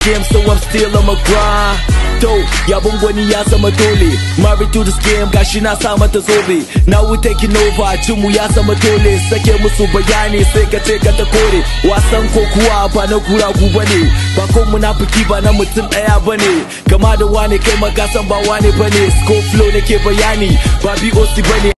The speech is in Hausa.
game, so I'm still on my grind. gwani ya zama dole. Married to this game, gashi na sa mata zobe. Now we taking over, cinmu ya zama dole. Sake musu bayani sai ka ce ka ta kore. Wasan kokuwa ba na kura bane. Ba ko munafiki ba na mutum daya bane. Kama da wane kai makasan ba wane bane. Scope flow nake bayani, ba BOC bani.